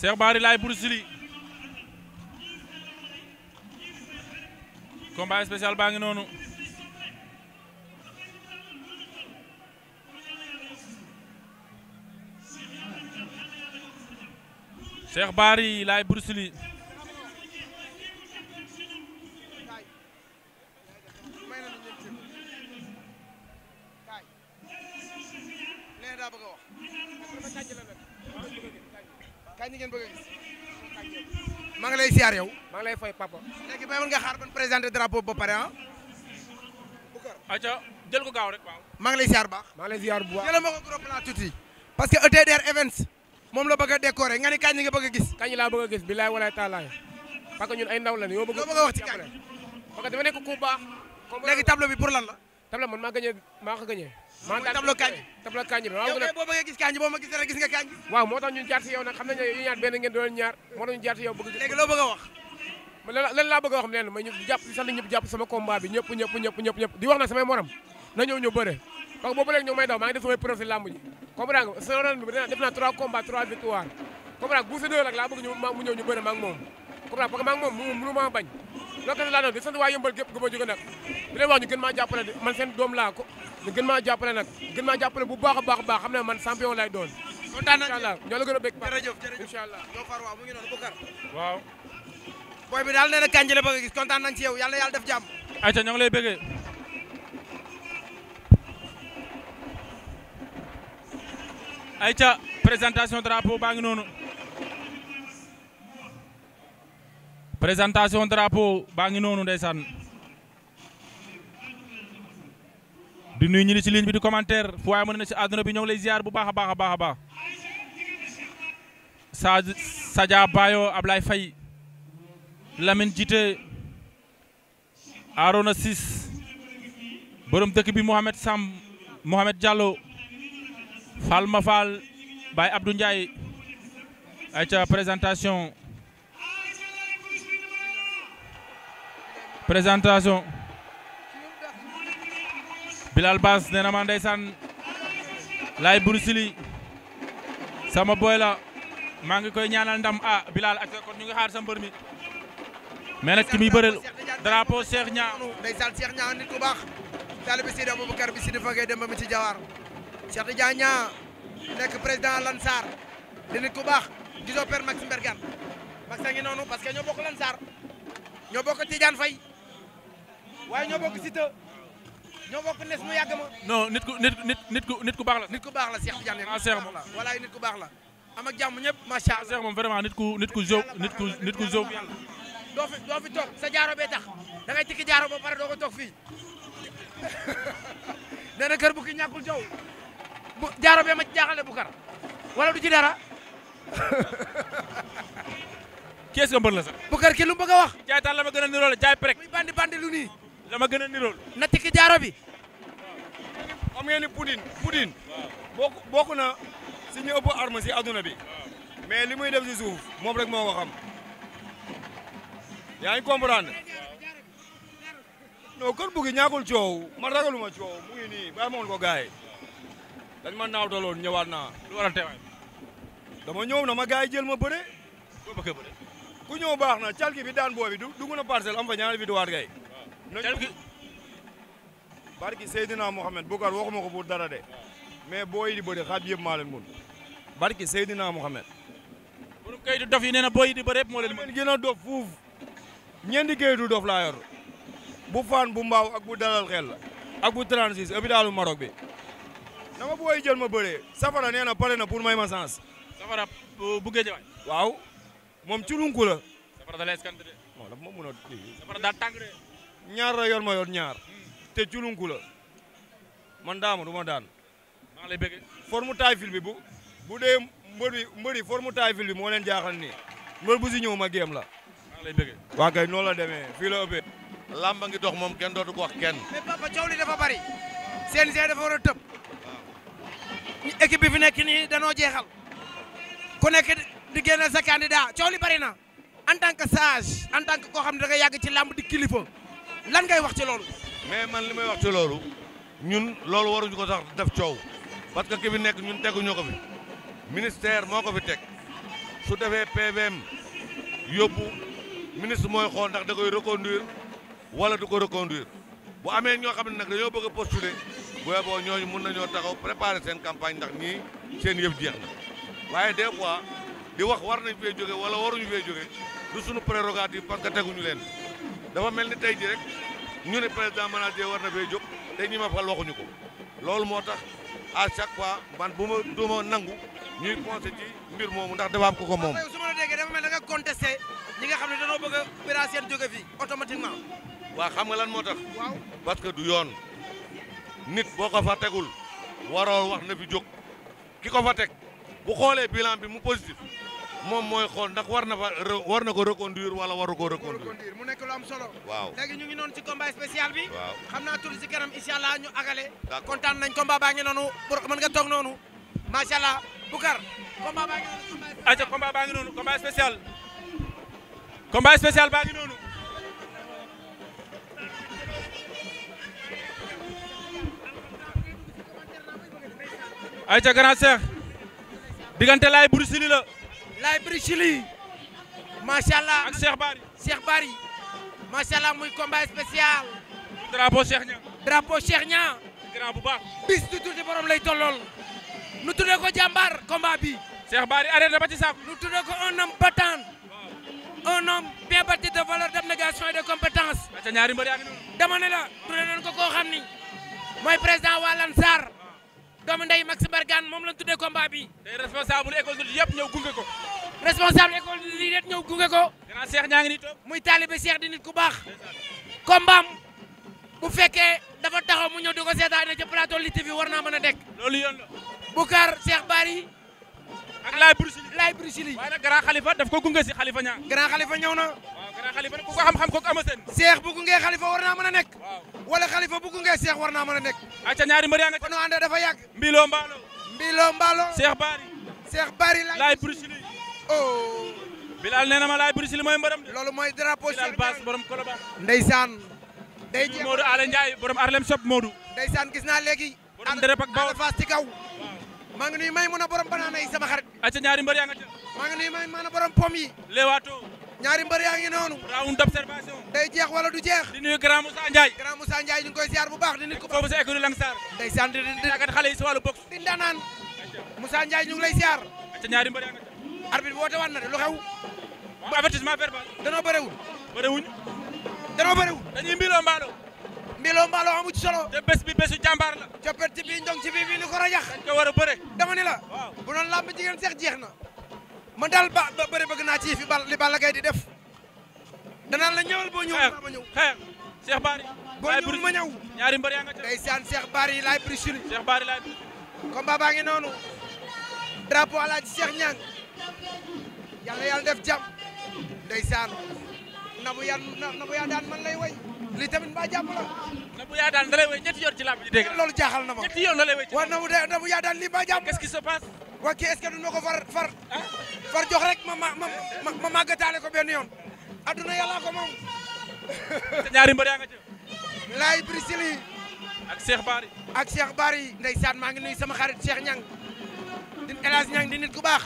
Cheikh baari Laye Bruce Lee baa ngi noonu Cheikh Bary Bruce Lee kañ ngeen bëgg a gis. maa ngi lay siyaar yow. maa lay fay papa. léegi bàyyi woon nga xaar ba pare ah. acca jël gaaw rek waaw. maa ngi lay siyaar baax. maa ngi lay bu baax jëlal ma ko tuuti. parce que ETDR Events moom la bëgg a décorer nga ni kañ nga bëgg gis. kañ laa bëgg a gis bilaay walaay taalaay parce ñun ay ndaw la ni yoo bëgg a wax ci kañ parce que dafa nekk ku baax. léegi bi pour lan la. tableau man maa gagné ko gagné. maa ngi tableau kanji tableau kanji bi waaw. boo bëggee gis kanji boo ma gisee rek gis nga kanji. si yow nag xam nañ ne yu ñaar moo tax ñu jaar si yow bëgg. léegi loo bëgg a wax. lan laa bëgg a wax leen may ñu jàpp sax ñëpp jàpp sama combat bi ñëpp ñëpp ñëpp ñëpp ñëpp di wax na samay morom na ñëw ñu bëre parce que boobu léegi ñoo may daw maa def samay profil làmb ji comprendre nga sa ren bi def naa 3 combats 3 victoire mu ñëw ñu bëre loolu kese laa doon di sant waa yëmbal gépp gëma jóge nag di leen gën maa jàppale de man seen doom laa ko ñu gën maa jàppale nag gën maa jàppale bu baax a baax baax xam ne man champion lay doon incha allah ñoo gën a bëgg jërëjëf jërëjëf incha allah ñoo far waaw booy bi daal nee na kanji la bëgg a gis kontaan nañ ci yow yàlla yàlla def jàmm ayca ñoo ngi lay bëggee ayca présentation drapeau baa ngi noonu présentation drapeau baa ngi noonu ndeysaan di nuyu ñu ni ci ligne bi di commentaire fu waaye mën na ci àdduna bi ñoo ngi lay bu baax a baax a baax a baax sa Sadia Bayo Sis borom dëkk bi Mohamed Sam Mohamed Diallo Fall ma Fall Baye Abdou Ndiaye ay ca présentation présentation Bilal Bass nee na ma ndeysaan laay Bruxelles sama boy la maa ngi koy ñaanal ndam a ah, Bilal ak kon ñu ngi xaar sa mbër mi mais nag ki muy bëreel drapeau Cheikh Niang ndeysaan Cheikh Niang nit ku baax taalibe Sidi Aboubacar bi Sidi Fagay dem ba mi ci jawaar Cheikh Tidiane Niang nekk président Lansar di nit ku baax gisoo père Max Mbergane Max a noonu parce que ñoo bokk Lansar ñoo bokk Tidiane Faye waaye ñoo bokk Siteu ñoo bokk nes mu yàgg ma. non nit ku nit ku nit baax la. nit ku baax la Cheikh Tidiane. ah Cheikh moom walaay nit ku baax la. am ak jàmm ñëpp macha allah moom vraiment nit ku nit ku jo nit ku nit ku jo. sa jaaro bee tax da ngay tikki jaaro ba pare doo ko toog fii kër bu ki ñàkkul jaww bu jaaro bee ma jaaxale bu kar wala du ci dara. kees nga mbër la sax. bu kar ki lu mu bëgg a wax. jaay taal la ma gën a niróo la jaay prek. muy bandi bandi lu nii. dama gën a nirool. na tikki jaaro bi. am ngeen ni Poutine Poutine. waaw na si ñu ëpp arme si adduna bi. mais li muy def si suuf moom rek moo ko xam. yaa ngi comprendre. non kër buggi ñaakul coow man ma coow mu ngi nii bàyyi ma woon ko gars ma naaw ma naawtaloon ñëwaat naa lu war a na ma gars yi jël ma bëre ku ñëw baax na calki bi daan boobi du dugg na parcelle am fa ñaari victoire gay barki Seydina Mohamed Boucar waxuma ko pour dara de mais boo yi di bëri xaaj yëpp maa leen barki Seydina Mohamed. borom kayitu dof yi nee na boo di bëri yëpp moo leen mën gën a dof fuuf ñeenti kayitu dof laa bu Fann bu Mbaaw ak bu dalal xel ak bu 36 hôpitalu Maroc bi. dama booy jël ma bëree safara nee na pare na pour may ma sens. bu géej waaw moom ci lunku ñaar la yor ma yor ñaar te culunku la man daama du ma daan maa lay bëgg forme taay fil bi bu bu dee mbër yi mu yi taay fil bi moo leen jaaxal nii mbër bu si ñëw ma géem la maa lay bëgg waa kay noonu la demee fii la ëppee lamba ngi dox moom kenn dootu ko wax kenn mais papa coow li dafa bari CNG dafa war a tëb équipe bi fi nekk nii danoo jeexal ku nekk di génne sa candidat coow li bari na en tant que sage en tant que koo xam ne da yàgg ci lamb di kilifa lan ngay wax ci loolu. mais man li may wax ci loolu ñun loolu waruñu ko sax def coow parce que ki bi nekk ñun teguñu ko fi ministère moo ko fi teg su defee PVM yóbbu ministre mooy xool ndax da koy reconduire wala du ko reconduire bu amee ñoo xam ne nag dañoo bëgg a postuler booy ñooñu mun nañoo taxaw préparer seen campagne ndax ñii seen yëf jeex na waaye des fois di wax war nañ fee jóge wala waruñu fee jóge du suñu prérogative parce que teguñu leen. dafa mel ni tey ji rek ñu ne président manager war na fee jóg te ñi ma fal waxuñu ko loolu moo tax a chaque fois man bu ma du nangu ñuy pensé ci mbir moomu ndax dafa am ko ko moom. su la déggee dafa mel da nga contesté ñi xam ne dañoo bëgg a bira seen jóge fi automatiquement. waaw nga lan moo tax. waaw parce que du yoon. nit boo ko fa tegul waroo wax na fi jóg ki ko fa teg bu xoolee bilan bi mu positif. moom mooy xool ndax war na fa war na ko reconduire wala waru ko mu nekk lu am solo waaw léegi ñu ngi noonu ci combat spécial bi waaw xam naa tur ci kanam incha allah ñu agale kontaan nañ combat baa ngi noonu pour mën nga toog noonu macha allah Boucar combat baa ngi noonu aca combat baa ngi laay bëri Chili macha allah ak Cheikh Bary Cheikh Bary macha allah muy combat spécial. drapeau Cheikh Niang. drapeau Cheikh Niang. bu baax. bis du tuuti borom lay tollool. nu tuddee ko jàmbaar combat bi. Cheikh Bary arrêté ba ci saako. nu tuddee ko un homme battant. un homme bien bâti de valeur d'abnégation et de compétence. waaw ca ñaari mbër yaa ngi noonu. dama ne la koo xam ni mooy président waa Lansar. doomu ndey Max Mbargane moom lañ tuddee combat bi. day responsable école yëpp ñëw gunge ko. responsable école lii det ñëw gunge ko. grand Cheikh ñaa ngi nii toog muy taalibe seex di nit ku baax. kombaam bu fekke dafa taxaw mu ñëw di ko seetaan ne ca plateau li TV war naa mën a dekk. loolu yoon la. Boucar Cheikh Bary. ak Laye Bruchili Laye Bruchili. waaye nag grand Khalifa ko gunge si Khalifa ñaa. grand Khalifa ñëw na. waaw grand Khalifa ku ko xam-xam ko ama seen. Cheikh bu gunge Khalifa war naa mën a nekk. wala Khalifa bu gunge Cheikh war naa mën a nekk. ak ca ñaari mbër yaa ngi. kon ànd dafa yàgg. Mbilo loo Mbilo Mbalo. Cheikh Bary. oh. Bilal nee ma laay Brise Lô mooy mbaram. loolu mooy drapeau sur Bilal Bass borom Colobane. ndeysaan. day jéem Modou Alé Ndiaye borom Arlem Shop Modou. gis naa léegi. borom dërëb ak a faas ci kaw. maa ngi nuyu may mun a borom banaana yi sama xarit. acca ñaari mbër yaa nga ca. maa ngi nuyu may ñaari mbër yaa ngi noonu. round d'observation. day jeex wala du jeex. di nuyu grand Moussa Ndiaye. grand Moussa Ndiaye ñu ngi bu baax di nit ku. foofu sa écurie Langsar. ndeysaan di di di yi si wàllu box. di ndanaan Moussa Ndiaye ñu ngi lay ziar. acca ñaari mbër arbitre bi woote waat na de lu xew. bu avertissement verbal. danoo bëriwul. bëriwuñ. danoo bëriwul. dañuy mbiloo mbaalo. mbiloo mbaalo amu ci solo. te bés bi jàmbaar la. coppet ci bii njong ci bii bii li a bëre. dama ni la. waaw bu doon làmb jigéen jeex na. ma daal ba ba bëgg naa ci fi bal li Balla Gaye di def. danaan la ñëwal boo ñëwul ma ñëw. xeex Cheikh Bari. boo ñëwul ma ñëw. ñaari mbër yaa nga ca. ndeysaan Cheikh Bari laay prisuli. Cheikh Bari laay prisuli. combat baa alaaji Cheikh Niang yal na yàlla def jàmm ndeysaan nabu yan nabu yaa daan man lay way li tamit mbaa jàmm la. nabu yaa da lay way ñetti yoon ci loolu jaaxal na ma ñetti yoon da lay way waaw nabu de nabu yaa daan lii mbaa jàmm se passe waa kii est-ce ko far far ah? jox rek ma ma ma ma màggataale ko benn yoon adduna yàlla ko moom ñaari mbër yaa nga ci laay brisili ak Cheikh baar ak Cheikh Bari maa ngi nuyu sama xarit Cheikh Ñang din El Ñang di nit ku baax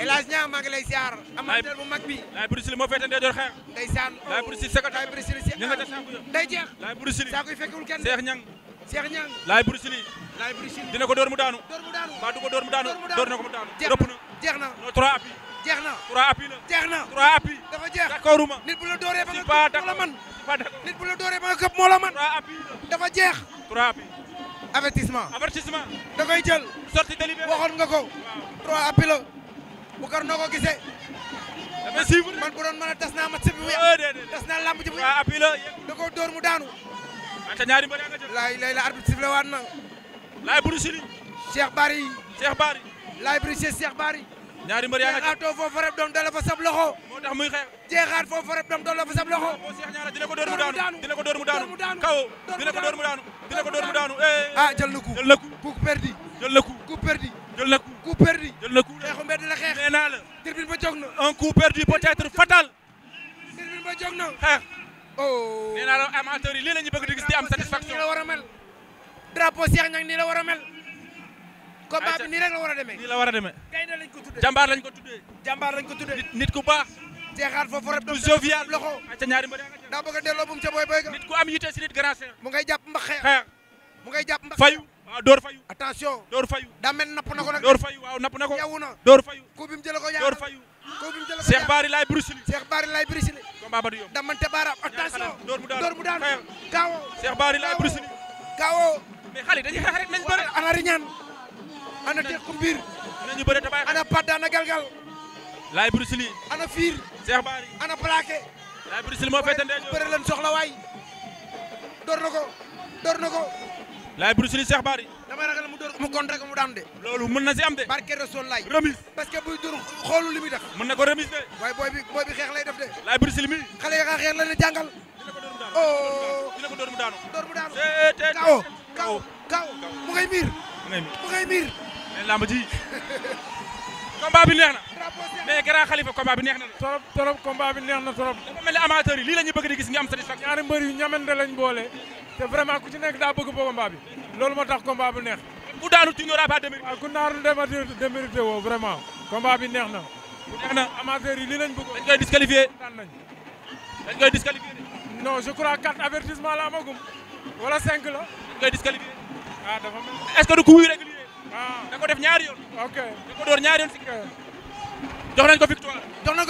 Elaj Niang maa ngi lay ziar. amateur bu mag bi laay Boury moo féetee ndey joor xeex. ndeysaan laay Boury Sili secrétaire laay jeex laay Boury Sili dina ko door mu daanu door ko door mu daanu door na ko mu daanu jeex na trois appuis jeex na trois appuis la jeex na trois appuis dafa jeex d'accord ma nit bu la dooree ba nga këpp moo la man nit bu la dooree ba nga këpp moo la man trois appuis dafa jeex trois appuis avertissement da koy jël sortie délibérée nga ko trois Boucar noo ko gisee. dafa suivre man bu doon a tas naa mat si bu yàq tas naa lamb ji a yàq waaw appui la da koo mu daanu. wante ñaari mbër yaa lay la arbitre sifflé waat na. laay buru sili. Cheikh Bary. Cheikh Bary. laay buru sili Cheikh ñaari mbër yaa nga loxo. moo tax muy xeex. jeexaat foofu rek doom dala fa sab loxo. boo Cheikh ñaara dina ko dóor mu daanu dina ko dóor mu daanu kaw dina ko dóor mu daanu dina ko ah, eh. na coup jël na coup na coup coup perdu. jël na naa la. tribune ba jóg na en coup perdu peut être fatal. tribune ba jóg na xeex. oh nee naa la amateurs yi lii bëgg di gis di am satisfaction. drapeau Cheikh Niang nii la war a mel. combat bi nii rek la war a demee. nii la war a demee. gaynde lañ ko tuddee jàmbaar lañ ko tuddee. jàmbaar lañ ko tuddee. nit ku baax. jeexaat foofu rek. du jovial loxo. ayca ñaari mbër daa bëgg a delloo bu mu ca booy booy ga. nit ku am yite si nit grand mu ngay jàpp mbax xeex. mu ngay jàpp mbax fayu. waaw door fayu attention door fayu daa mel napp na ko nag door fayu waaw napp na ko yawu na door fayu ku bi mu jël ko yaa door door mu daan kaawo Cheikh Bari lay brusili kaawo mais xale dañuy xeex rek nañ bëre ana riñaan ana tequ mbir nañu bëre ta bay ana padda ana galgal lay brusili ana fiir Cheikh Bari ana plaqué soxla waay door na na ko laay Bruce Lee Cheikh Bari damay ragal mu dóor mu contre mu daan de loolu mën na si am de barke Rasul laay remise parce que buy dóor xoolu na ko remise de booy bi booy bi xeex lay def de laay Bruce mi xale yi nga xeex la ne jàngal dina ko dóor mu kaw kaw kaw mu miir mu miir mais lamb neex na mais grand xalifa combat bi neex na torop torop combat bi neex na torop dafa mel ñu bëgg di gis nga am satisfaction ñaari mbër yu ñamante boole te vraiment ku ci nekk daa bëgg bo combat bi loolu moo tax combat bu neex ku daanu tu n'auras pas ku daanu démérité woo vraiment combat bi neex na neex na amateur yi lii lañ bëgg dañ koy disqualifié daan nañ dañ koy disqualifié non je crois quatre avertissement la amagum wala cinq la dañ koy disqualifié ah dafa mel est que du coup irrégulier ah. da ko def ñaari yoon ok jox nañ victoire.